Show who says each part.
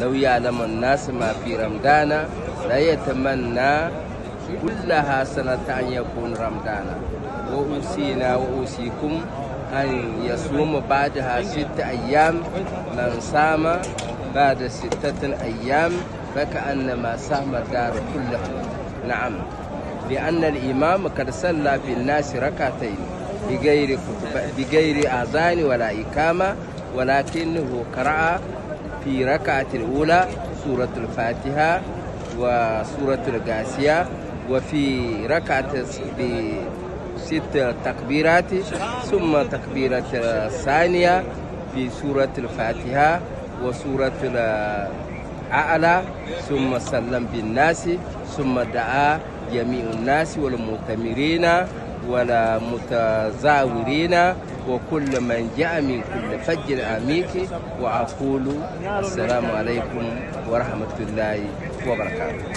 Speaker 1: لو يعلم الناس ما في رمضان لا يتمنى كلها سنة أن يكون رمضان وأوصينا وأوصيكم أن يصوم بعدها ستة أيام من صام بعد ستة أيام فكأنما صام الدار كله نعم لأن الإمام قد صلى في الناس ركعتين بغير بغير أذان ولا إقامة ولكنه قرأ في ركعة الأولى سورة الفاتحة وسورة القاسية وفي ركعة بست تكبيرات ثم تكبيرة الثانية في سورة الفاتحة وسورة الأعلى ثم سلم بالناس ثم دعا جميع الناس والمؤتمرين ولا متزاورين وكل من جاء من كل فج عميق وأقول السلام عليكم
Speaker 2: ورحمة الله وبركاته